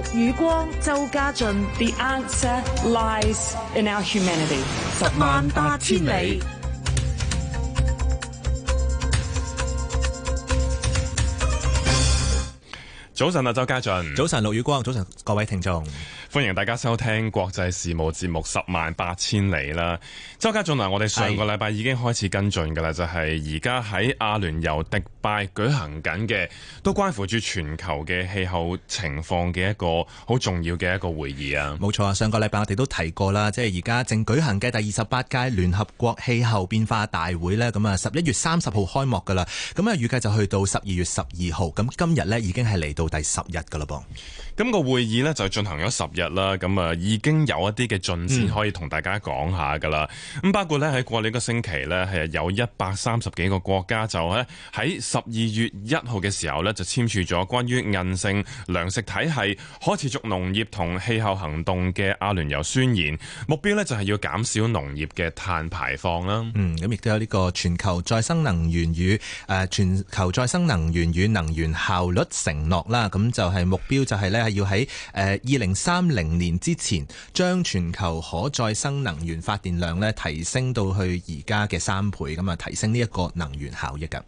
陸宇光、周家俊，The answer lies in our humanity。十萬八千里。早晨啊，周家俊，早晨，陸宇光，早晨，各位聽眾。歡迎大家收聽國際事務節目十萬八千里啦。周家俊嚟，我哋上個禮拜已經開始跟進噶啦，是就係而家喺阿聯酋迪拜舉行緊嘅，都關乎住全球嘅氣候情況嘅一個好重要嘅一個會議啊。冇錯啊，上個禮拜我哋都提過啦，即係而家正舉行嘅第二十八屆聯合國氣候變化大會咧，咁啊十一月三十號開幕噶啦，咁啊預計就去到十二月十二號，咁今日咧已經係嚟到第十日噶啦噃。今個會議咧就進行咗十日。啦，咁啊，嗯，已經有一啲嘅進展可以同大家講下噶啦。咁包括呢喺過年個星期呢，係有一百三十幾個國家就呢喺十二月一號嘅時候呢，就簽署咗關於韌性糧食體系可持續農業同氣候行動嘅阿聯酋宣言。目標呢就係要減少農業嘅碳排放啦。嗯，咁亦都有呢個全球再生能源與，誒、呃、全球再生能源與能源效率承諾啦。咁就係目標就係呢要喺誒二零三。呃嗯、零年之前，將全球可再生能源發電量咧提升到去而家嘅三倍，咁啊提升呢一個能源效益噶。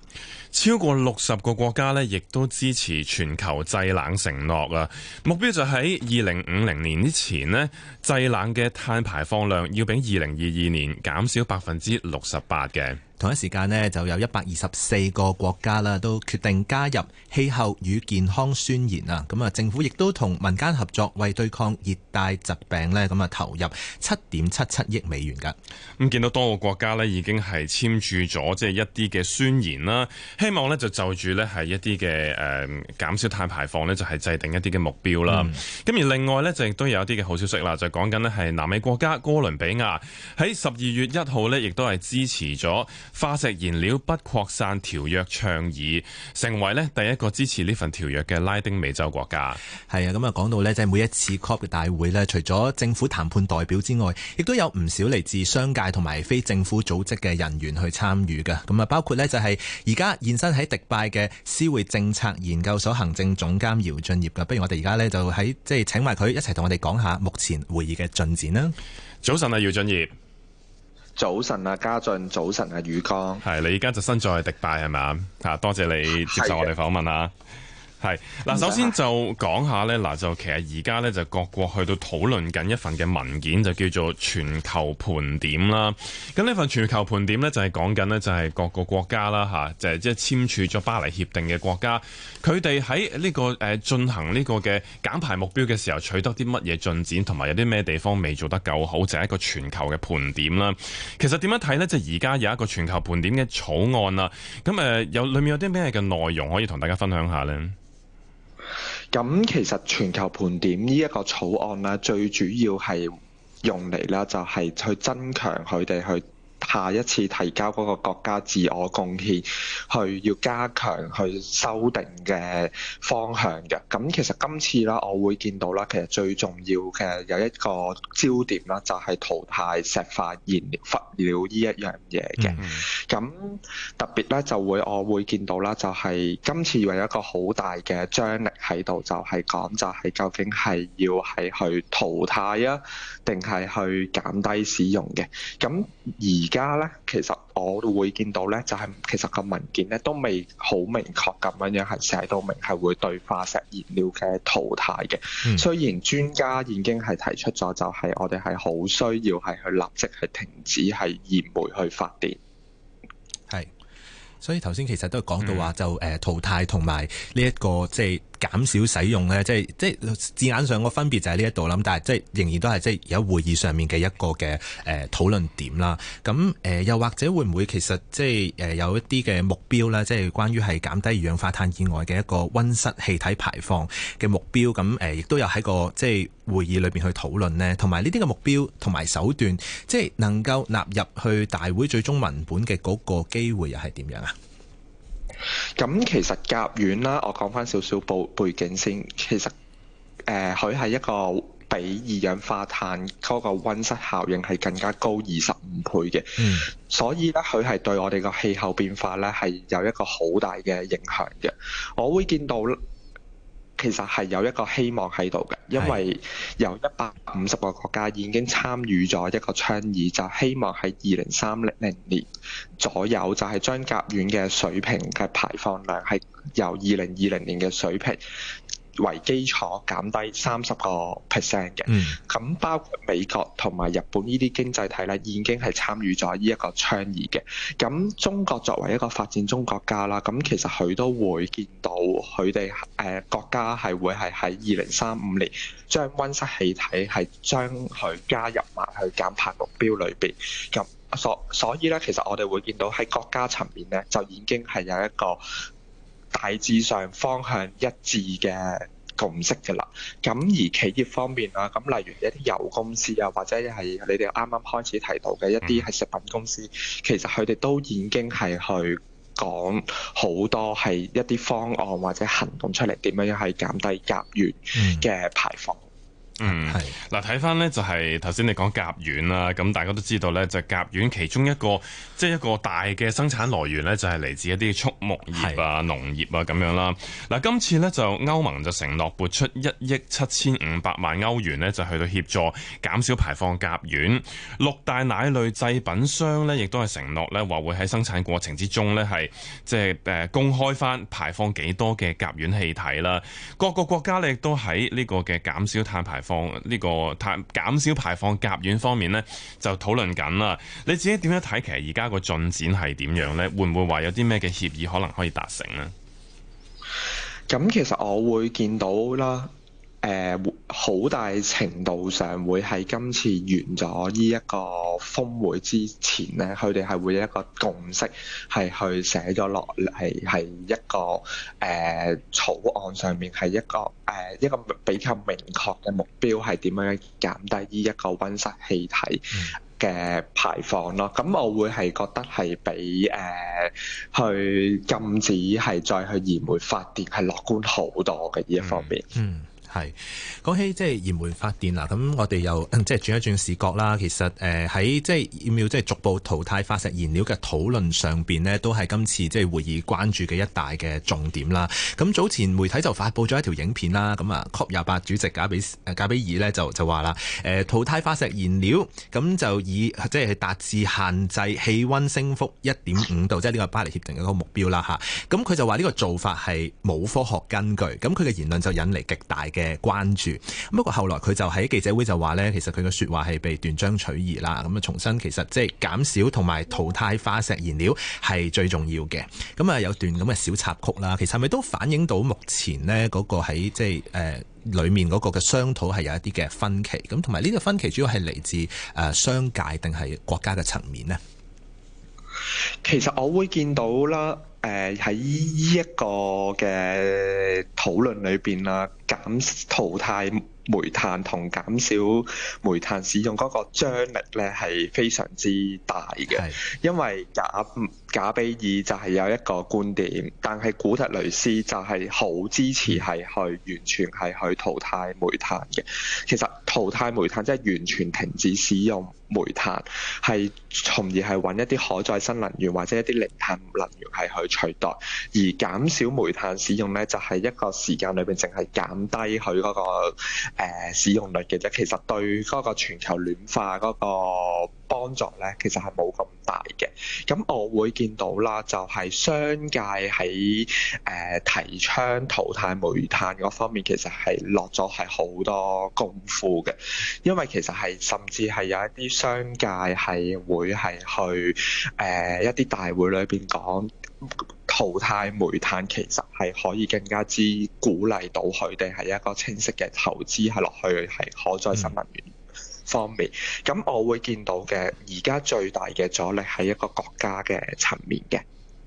超過六十個國家呢，亦都支持全球製冷承諾啊。目標就喺二零五零年之前呢，製冷嘅碳排放量要比二零二二年減少百分之六十八嘅。同一時間呢就有一百二十四個國家啦，都決定加入氣候與健康宣言啊！咁啊，政府亦都同民間合作，為對抗熱帶疾病咧，咁啊投入七點七七億美元噶。咁、嗯、見到多個國家咧，已經係簽署咗即係一啲嘅宣言啦，希望咧就就住咧係一啲嘅誒減少碳排放咧，就係制定一啲嘅目標啦。咁、嗯、而另外呢就亦都有一啲嘅好消息啦，就講緊咧係南美國家哥倫比亞喺十二月一號咧，亦都係支持咗。化石燃料不擴散條約倡議成為咧第一個支持呢份條約嘅拉丁美洲國家。係啊，咁啊講到呢，即係每一次 COP 嘅大會呢，除咗政府談判代表之外，亦都有唔少嚟自商界同埋非政府組織嘅人員去參與嘅。咁啊，包括呢，就係而家現身喺迪拜嘅思匯政策研究所行政總監姚俊業噶。不如我哋而家呢，就喺即係請埋佢一齊同我哋講下目前會議嘅進展啦。早晨啊，姚俊業。早晨啊，家俊，早晨啊，宇光，係，你而家就身在迪拜係咪？吓，多謝你接受我哋訪問啊。係嗱，首先就講下咧，嗱，就其實而家咧，就各國去到討論緊一份嘅文件，就叫做全球盤點啦。咁呢份全球盤點咧，就係講緊咧，就係各個國家啦，吓，就係即係簽署咗巴黎協定嘅國家，佢哋喺呢個誒進行呢個嘅減排目標嘅時候取得啲乜嘢進展，同埋有啲咩地方未做得夠好，就係一個全球嘅盤點啦。其實點樣睇呢？即係而家有一個全球盤點嘅草案啦。咁誒有裏面有啲咩嘅內容可以同大家分享下呢？咁其實全球盤點呢一個草案咧，最主要係用嚟啦，就係去增強佢哋去，下一次提交嗰個國家自我貢獻，去要加強去修訂嘅方向嘅。咁其實今次啦，我會見到啦，其實最重要嘅有一個焦點啦，就係淘汰石化燃料呢一樣嘢嘅。咁、mm hmm. 特別咧就會我會見到啦，就係今次有一個好大嘅張力喺度，就係講，就係究竟係要係去淘汰啊，定係去減低使用嘅。咁而而家咧，其實我會見到咧，就係其實個文件咧都未好明確咁樣樣，係寫到明係會對化石燃料嘅淘汰嘅。嗯、雖然專家已經係提出咗，就係我哋係好需要係去立即係停止係燃煤去發電。係，所以頭先其實都係講到話就誒、嗯、淘汰同埋呢一個即係，減少使用咧，即係即係字眼上個分別就喺呢一度諗，但係即係仍然都係即係而家會議上面嘅一個嘅誒討論點啦。咁誒、呃、又或者會唔會其實即係誒、呃、有一啲嘅目標咧，即係關於係減低二氧化碳以外嘅一個溫室氣體排放嘅目標？咁誒亦都有喺個即係會議裏邊去討論呢，同埋呢啲嘅目標同埋手段，即係能夠納入去大會最終文本嘅嗰個機會又係點樣啊？咁、嗯、其實甲烷啦，我講返少少背背景先。其實，誒、呃，佢係一個比二氧化碳嗰，那個溫室效應係更加高二十五倍嘅，嗯、所以咧佢係對我哋個氣候變化咧係有一個好大嘅影響嘅。我會見到。其實係有一個希望喺度嘅，因為有一百五十個國家已經參與咗一個倡議，就希望喺二零三零年左右，就係將甲烷嘅水平嘅排放量係由二零二零年嘅水平，為基礎減低三十個 percent 嘅，咁、嗯、包括美國同埋日本呢啲經濟體咧，已經係參與咗呢一個倡議嘅。咁中國作為一個發展中國家啦，咁其實佢都會見到佢哋誒國家係會係喺二零三五年將溫室氣體係將佢加入埋去減排目標裏邊。咁所所以咧，其實我哋會見到喺國家層面咧，就已經係有一個。大致上方向一致嘅共識嘅啦，咁而企業方面啊，咁例如一啲油公司啊，或者係你哋啱啱開始提到嘅一啲係食品公司，嗯、其實佢哋都已經係去講好多係一啲方案或者行動出嚟，點樣去減低甲烷嘅排放。嗯嗯，係嗱是，睇翻咧就係頭先你講甲烷啦，咁大家都知道咧，就甲烷其中一個即係、就是、一個大嘅生產來源咧，就係嚟自一啲畜牧業啊、是農業啊咁樣啦。嗱是，今次咧就歐盟就承諾撥出一億七千五百萬歐元咧，就去到協助減少排放甲烷。六大奶類製品商咧，亦都係承諾咧話會喺生產過程之中咧係即係誒公開翻排放幾多嘅甲烷氣體啦。各個國家咧亦都喺呢個嘅減少碳排放。呢、這個排減少排放甲烷方面呢，就討論緊啦。你自己點樣睇？其實而家個進展係點樣呢？會唔會話有啲咩嘅協議可能可以達成呢？咁其實我會見到啦。誒好、呃、大程度上會喺今次完咗呢一個峰會之前咧，佢哋係會一個共識，係去寫咗落嚟：「係一個誒、呃、草案上面係一個誒、呃、一個比較明確嘅目標係點樣減低呢一個溫室氣體嘅排放咯。咁、嗯、我會係覺得係比誒、呃、去禁止係再去燃煤發電係樂觀好多嘅呢一方面。嗯嗯。係講起即係燃煤發電嗱，咁我哋又、嗯、即係轉一轉視角啦。其實誒喺、呃、即係要即係逐步淘汰化石燃料嘅討論上邊咧，都係今次即係會議關注嘅一大嘅重點啦。咁早前媒體就發布咗一條影片啦，咁啊 COP 廿八主席加比加比爾咧就就話啦，誒、呃、淘汰化石燃料，咁就以即係達至限制氣温升幅一點五度，即係呢個巴黎協定嘅一個目標啦嚇。咁佢就話呢個做法係冇科學根據，咁佢嘅言論就引嚟極大嘅嘅關注，不過後來佢就喺記者會就話呢，其實佢嘅説話係被斷章取義啦。咁啊，重申其實即係減少同埋淘汰化石燃料係最重要嘅。咁、嗯、啊，有段咁嘅小插曲啦。其實係咪都反映到目前呢嗰個喺即係誒裡面嗰個嘅商討係有一啲嘅分歧。咁同埋呢個分歧主要係嚟自誒商界定係國家嘅層面咧？其實我會見到啦，誒喺呢一個嘅討論裏邊啦。減淘汰煤炭同減少煤炭使用嗰個張力咧，係非常之大嘅，的因為賈賈比爾就係有一個觀點，但係古特雷斯就係好支持係去完全係去淘汰煤炭嘅。其實淘汰煤炭即係完全停止使用煤炭，係從而係揾一啲可再生能源或者一啲零碳能源係去取代，而減少煤炭使用呢，就係、是、一個時間裏邊淨係減低佢嗰、那個、呃、使用率嘅啫，其實對嗰個全球暖化嗰個幫助咧，其實，係冇咁大嘅。咁我會見到啦，就係、是、商界喺誒、呃、提倡淘汰煤炭嗰方面，其實，係落咗係好多功夫嘅，因為其實，係甚至係有一啲商界係會是，係去誒一啲大會裏邊講。淘汰煤炭其實係可以更加之鼓勵到佢哋係一個清晰嘅投資，係落去係可再生能源方面。咁我會見到嘅而家最大嘅阻力係一個國家嘅層面嘅。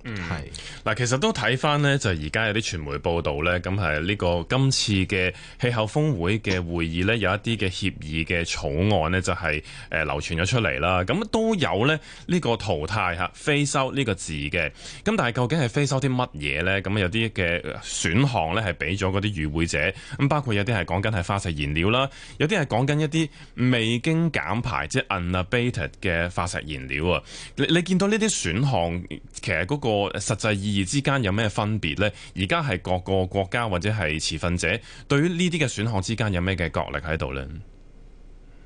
嗯，係嗱，其實都睇翻咧，就而家有啲傳媒報道咧，咁係呢個今次嘅氣候峰會嘅會議咧，有一啲嘅協議嘅草案咧，就係、是、誒、呃、流傳咗出嚟啦。咁都有咧呢、這個淘汰吓 phase out 呢個字嘅。咁但係究竟係 phase out 啲乜嘢咧？咁有啲嘅選項咧係俾咗嗰啲與會者咁，包括有啲係講緊係化石燃料啦，有啲係講緊一啲未經減排即係 unabated 嘅化石燃料啊。你你見到呢啲選項，其實、嗰個。個實際意義之間有咩分別呢？而家係各個國家或者係持份者對於呢啲嘅選項之間有咩嘅角力喺度呢？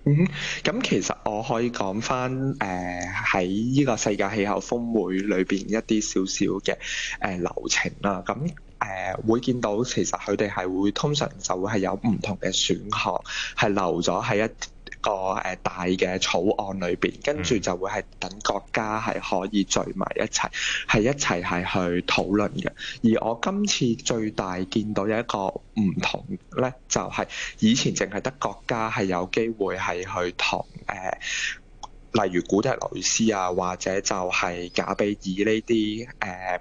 咁、嗯、其實我可以講翻誒喺呢個世界氣候峰會裏邊一啲少少嘅誒流程啦。咁誒、呃、會見到其實佢哋係會通常就會係有唔同嘅選項係留咗喺一。個誒大嘅草案裏邊，跟住就會係等國家係可以聚埋一齊，係一齊係去討論嘅。而我今次最大見到有一個唔同咧，就係、是、以前淨係得國家係有機會係去同誒、呃，例如古特雷斯啊，或者就係賈比爾呢啲誒。呃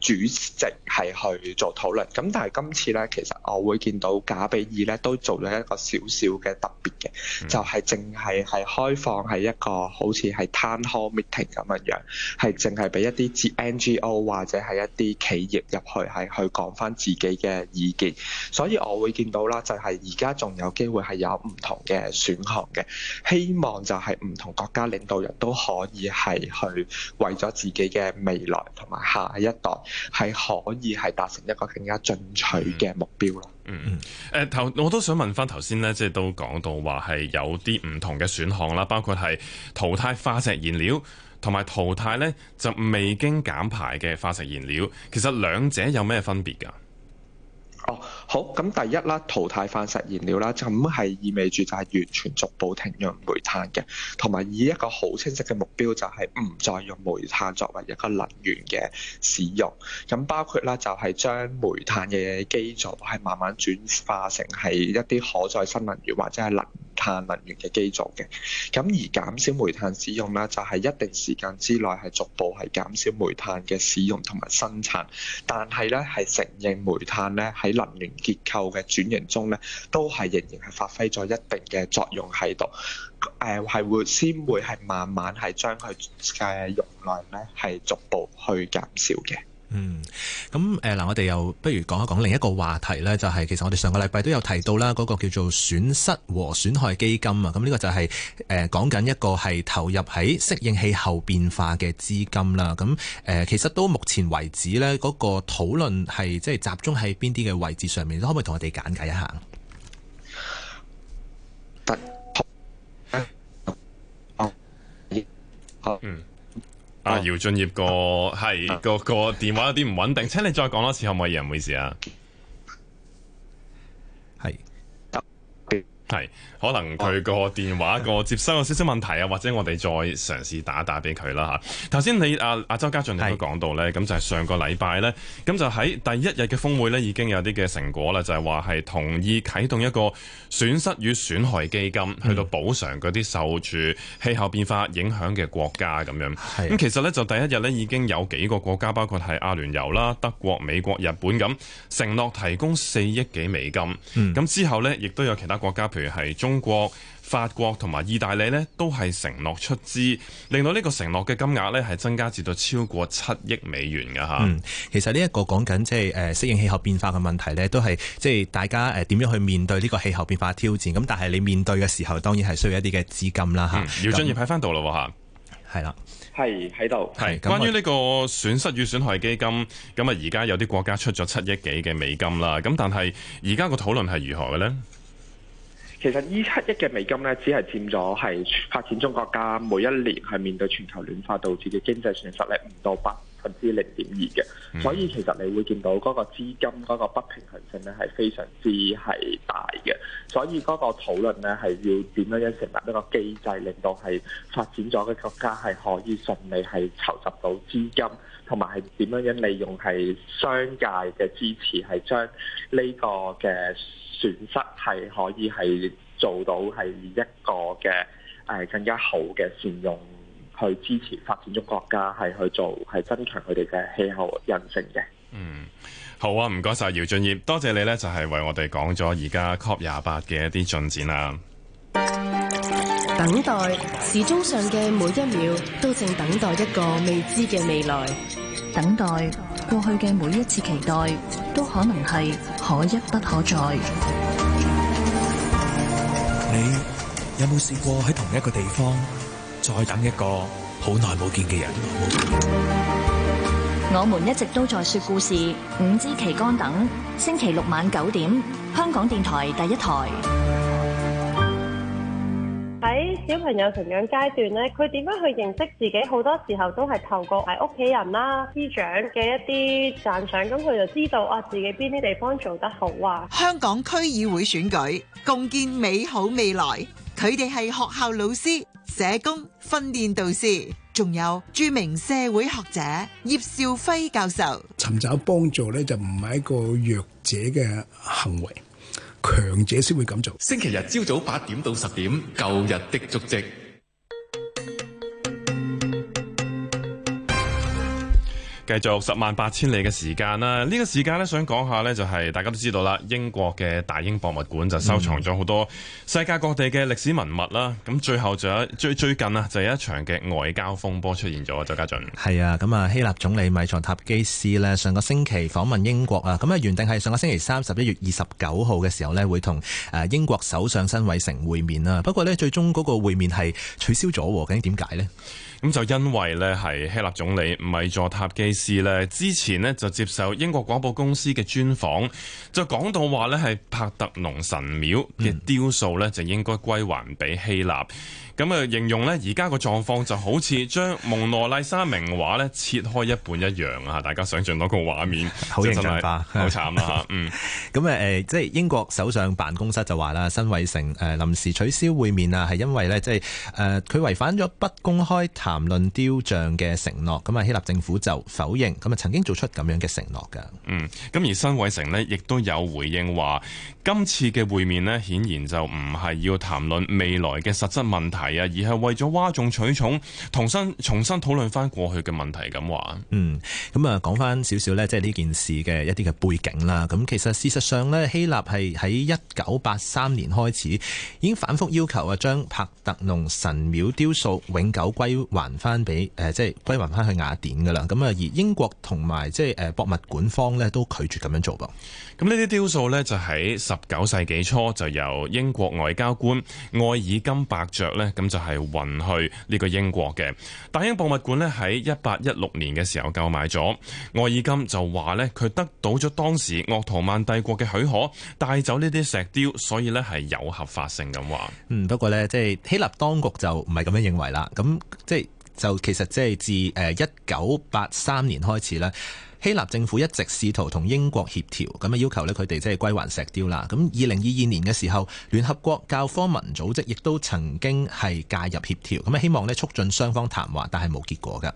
主席係去做討論，咁但係今次呢，其實我會見到賈比爾呢都做咗一個小小嘅特別嘅，就係淨係係開放係一個好似係 town hall meeting 咁樣，係淨係俾一啲 NGO 或者係一啲企業入去係去講翻自己嘅意見，所以我會見到啦，就係而家仲有機會係有唔同嘅選項嘅，希望就係唔同國家領導人都可以係去為咗自己嘅未來同埋下一代。係可以係達成一個更加進取嘅目標咯、嗯。嗯嗯，誒、欸，頭我都想問翻頭先咧，即係都講到話係有啲唔同嘅選項啦，包括係淘汰化石燃料，同埋淘汰咧就未經減排嘅化石燃料。其實兩者有咩分別㗎？哦，oh, 好，咁第一啦，淘汰化石燃料啦，就咁、是、係意味住就係完全逐步停用煤炭嘅，同埋以一個好清晰嘅目標，就係唔再用煤炭作為一個能源嘅使用。咁包括啦，就係將煤炭嘅基組係慢慢轉化成係一啲可再生能源或者係零碳能源嘅基組嘅。咁而減少煤炭使用啦，就係、是、一定時間之內係逐步係減少煤炭嘅使用同埋生產，但係咧係承認煤炭咧係。能源結構嘅轉型中咧，都係仍然係發揮咗一定嘅作用喺度，誒、呃，係會先會係慢慢係將佢嘅用量咧係逐步去減少嘅。嗯，咁誒嗱，我哋又不如講一講另一個話題呢，就係、是、其實我哋上個禮拜都有提到啦，嗰個叫做損失和損害基金啊，咁呢個就係誒講緊一個係投入喺適應氣候變化嘅資金啦。咁誒、呃，其實到目前為止呢嗰、那個討論係即係集中喺邊啲嘅位置上面，可唔可以同我哋簡介一下？一，二，好，嗯。姚俊業，個係個個電話有啲唔穩定，啊、請你再講多次可唔可以？唔好意思啊。係，可能佢個電話、oh. 個接收有少少問題啊， 或者我哋再嘗試打打俾佢啦嚇。頭先你阿阿、啊、周家俊都講到呢，咁是就係上個禮拜呢，咁就喺第一日嘅峰會呢，已經有啲嘅成果啦，就係話係同意啟動一個損失與損害基金，去到補償嗰啲受住氣候變化影響嘅國家咁樣。咁是其實呢，就第一日呢，已經有幾個國家，包括係阿聯酋啦、是德國、美國、日本咁，承諾提供四億幾美金。咁、嗯、之後呢，亦都有其他國家譬如係中國、法國同埋意大利呢都係承諾出資，令到呢個承諾嘅金額呢係增加至到超過七億美元嘅吓。嗯，其實呢一個講緊即係誒適應氣候變化嘅問題呢，都係即係大家誒點、呃、樣去面對呢個氣候變化挑戰。咁但係你面對嘅時候，當然係需要一啲嘅資金啦吓。姚俊業喺翻度咯吓，係啦，係喺度。係關於呢個損失與損害基金咁啊，而家有啲國家出咗七億幾嘅美金啦。咁但係而家個討論係如何嘅呢？其實呢七億嘅美金咧，只係佔咗係發展中國家每一年係面對全球暖化導致嘅經濟損失咧，唔到百分之零點二嘅。所以其實你會見到嗰個資金嗰個不平衡性咧，係非常之係大嘅。所以嗰個討論咧，係要點樣成立一個機制，令到係發展咗嘅國家係可以順利係籌集到資金。同埋係點樣樣利用係商界嘅支持，係將呢個嘅損失係可以係做到係一個嘅誒更加好嘅善用去支持發展中國家，係去做係增強佢哋嘅氣候韌性嘅。嗯，好啊，唔該晒姚俊業，多謝你咧，就係為我哋講咗而家 COP 廿八嘅一啲進展啦。等待時鐘上嘅每一秒，都正等待一個未知嘅未來。等待過去嘅每一次期待，都可能係可一不可再。 你有冇試過喺同一個地方再等一個好耐冇見嘅人？ 我們一直都在說故事，五枝旗杆等，星期六晚九點，香港電台第一台。小朋友成長階段咧，佢點樣去認識自己？好多時候都係透過係屋企人啦、師長嘅一啲讚賞，咁佢就知道啊自己邊啲地方做得好啊。香港區議會選舉，共建美好未來。佢哋係學校老師、社工、訓練導師，仲有著名社會學者葉兆輝教授。尋找幫助咧，就唔係一個弱者嘅行為。強者先會咁做。星期日朝早八點到十點，舊日的足跡。繼續十萬八千里嘅時間啦，呢、這個時間呢、就是，想講下呢，就係大家都知道啦，英國嘅大英博物館就收藏咗好多世界各地嘅歷史文物啦。咁、嗯、最後仲有最最近啊，就有一場嘅外交風波出現咗。周家俊係啊，咁啊希臘總理米藏塔基斯呢，上個星期訪問英國啊，咁啊原定係上個星期三十一月二十九號嘅時候呢，會同誒英國首相辛偉誠會面啦。不過呢，最終嗰個會面係取消咗，究竟點解呢？咁就因為咧，係希臘總理唔係佐塔基斯咧，之前呢就接受英國廣播公司嘅專訪，就講到話咧，係帕特農神廟嘅雕塑咧就應該歸還俾希臘。咁啊，形容咧而家個狀況就好似將蒙娜麗莎名畫咧切開一半一樣啊！大家想象到個畫面，好形象化，好慘啊！嗯，咁啊， 誒、呃，即係英國首相辦公室就話啦，辛偉誠誒臨時取消會面啊，係因為咧，即係誒佢違反咗不公開談論雕像嘅承諾。咁啊，希臘政府就否認，咁啊曾經做出咁樣嘅承諾噶。嗯，咁而辛偉誠咧亦都有回應話，今次嘅會面咧顯然就唔係要談論未來嘅實質問題。而係為咗嘩眾取寵，重新重新討論翻過去嘅問題咁話。嗯，咁啊講翻少少呢，即係呢件事嘅一啲嘅背景啦。咁其實事實上呢，希臘係喺一九八三年開始已經反覆要求啊，將帕特農神廟雕塑永久歸還翻俾誒，即係歸還翻去雅典噶啦。咁啊，而英國同埋即係誒博物館方呢，都拒絕咁樣做噃。咁呢啲雕塑呢，就喺十九世紀初就由英國外交官愛爾金伯爵呢。咁就係運去呢個英國嘅大英博物館呢，喺一八一六年嘅時候購買咗。愛爾金就話呢，佢得到咗當時鄂圖曼帝國嘅許可，帶走呢啲石雕，所以呢係有合法性咁話。嗯，不過呢，即、就、係、是、希臘當局就唔係咁樣認為啦。咁即係就其實即係自誒一九八三年開始呢。希臘政府一直試圖同英國協調，咁啊要求咧佢哋即係歸還石雕啦。咁二零二二年嘅時候，聯合國教科文組織亦都曾經係介入協調，咁啊希望咧促進雙方談話，但係冇結果㗎。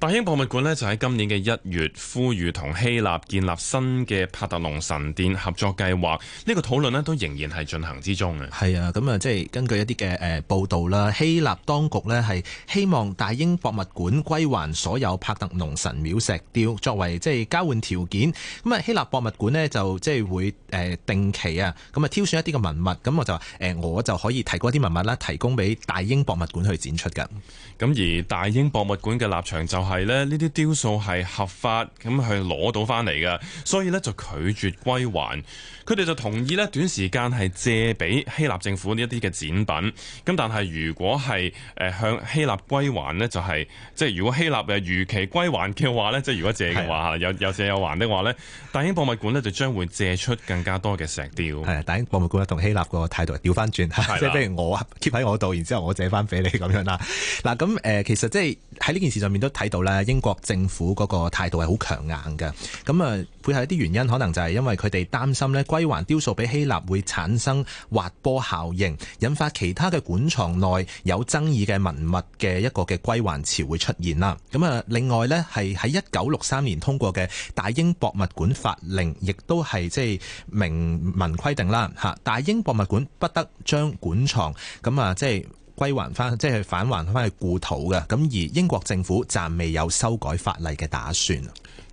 大英博物館呢，就喺今年嘅一月呼籲同希臘建立新嘅帕特農神殿合作計劃。呢個討論呢，都仍然係進行之中嘅。係啊，咁啊，即係根據一啲嘅誒報道啦，希臘當局呢，係希望大英博物館歸還所有帕特農神廟石雕作為即係交換條件。咁啊，希臘博物館呢，就即係會誒定期啊，咁啊挑選一啲嘅文物，咁我就話誒我就可以提供一啲文物啦，提供俾大英博物館去展出噶。咁而大英博物館嘅立場就係咧，呢啲雕塑係合法咁去攞到翻嚟嘅，所以咧就拒絕歸還。佢哋就同意咧短時間係借俾希臘政府呢一啲嘅展品。咁但係如果係誒向希臘歸還呢，就係、是、即係如果希臘誒如期歸還嘅話咧，即係如果借嘅話，的有有借有還的話咧，大英博物館咧就將會借出更加多嘅石雕。係大英博物館同希臘個態度調翻轉，的 即係比如我 keep 喺我度，然之後我借翻俾你咁樣啦。嗱咁誒，其實即係喺呢件事上面都睇到。英國政府嗰個態度係好強硬嘅，咁啊，配合一啲原因，可能就係因為佢哋擔心呢，歸還雕塑俾希臘會產生滑坡效應，引發其他嘅館藏內有爭議嘅文物嘅一個嘅歸還潮會出現啦。咁啊，另外呢，係喺一九六三年通過嘅《大英博物館法》令，亦都係即係明文規定啦嚇。大英博物館不得將館藏咁啊，即係。歸還翻，即係返還翻去故土嘅。咁而英國政府暫未有修改法例嘅打算。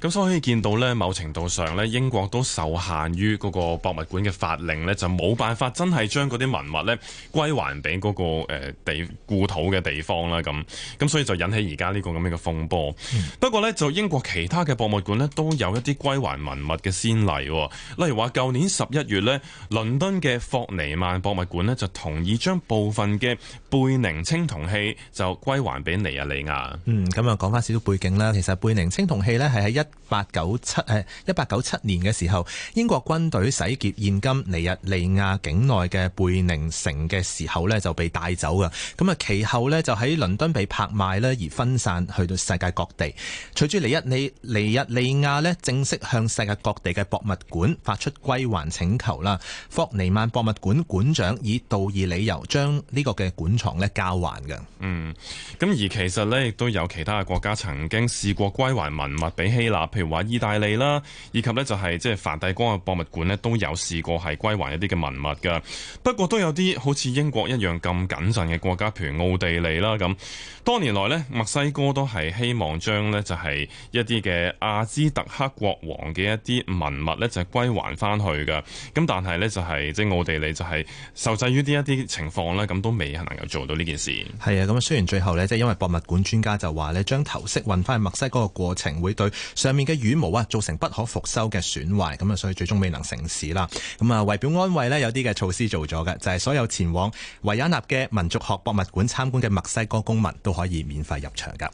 咁所以可以見到咧，某程度上咧，英國都受限於嗰個博物館嘅法令咧，就冇辦法真係將嗰啲文物咧歸還俾嗰、個誒、呃、地故土嘅地方啦。咁咁所以就引起而家呢個咁樣嘅風波。嗯、不過咧，就英國其他嘅博物館咧，都有一啲歸還文物嘅先例、哦。例如話舊年十一月咧，倫敦嘅霍尼曼博物館咧就同意將部分嘅貝寧青銅器就歸還俾尼日利亞，嗯，咁啊講翻少少背景啦。其實貝寧青銅器咧係喺一八九七誒，一八九七年嘅時候，英國軍隊洗劫現今尼日利亞境內嘅貝寧城嘅時候呢，就被帶走㗎。咁啊，其後呢，就喺倫敦被拍賣呢，而分散去到世界各地。隨住尼日利，尼日利亞呢正式向世界各地嘅博物館發出歸還請求啦，霍尼曼博物館館長以道義理由將呢個嘅館藏呢交還嘅。嗯，咁而其實呢，亦都有其他嘅國家曾經試過歸還文物俾希臘。嗱，譬如話意大利啦，以及呢就係即係梵蒂岡嘅博物館呢，都有試過係歸還一啲嘅文物㗎。不過都有啲好似英國一樣咁謹慎嘅國家，譬如奧地利啦咁。多年來呢，墨西哥都係希望將呢就係一啲嘅阿茲特克國王嘅一啲文物呢，是就係歸還翻去㗎。咁但係呢，就係即係奧地利就係受制於呢一啲情況咧，咁都未能夠做到呢件事。係啊，咁雖然最後呢，即係因為博物館專家就話呢，將頭飾運翻去墨西哥嘅過程會對，上面嘅羽毛啊，造成不可復收嘅損壞，咁啊，所以最終未能成事啦。咁啊，為表安慰呢，有啲嘅措施做咗嘅，就係所有前往維也納嘅民族學博物館參觀嘅墨西哥公民都可以免費入場噶。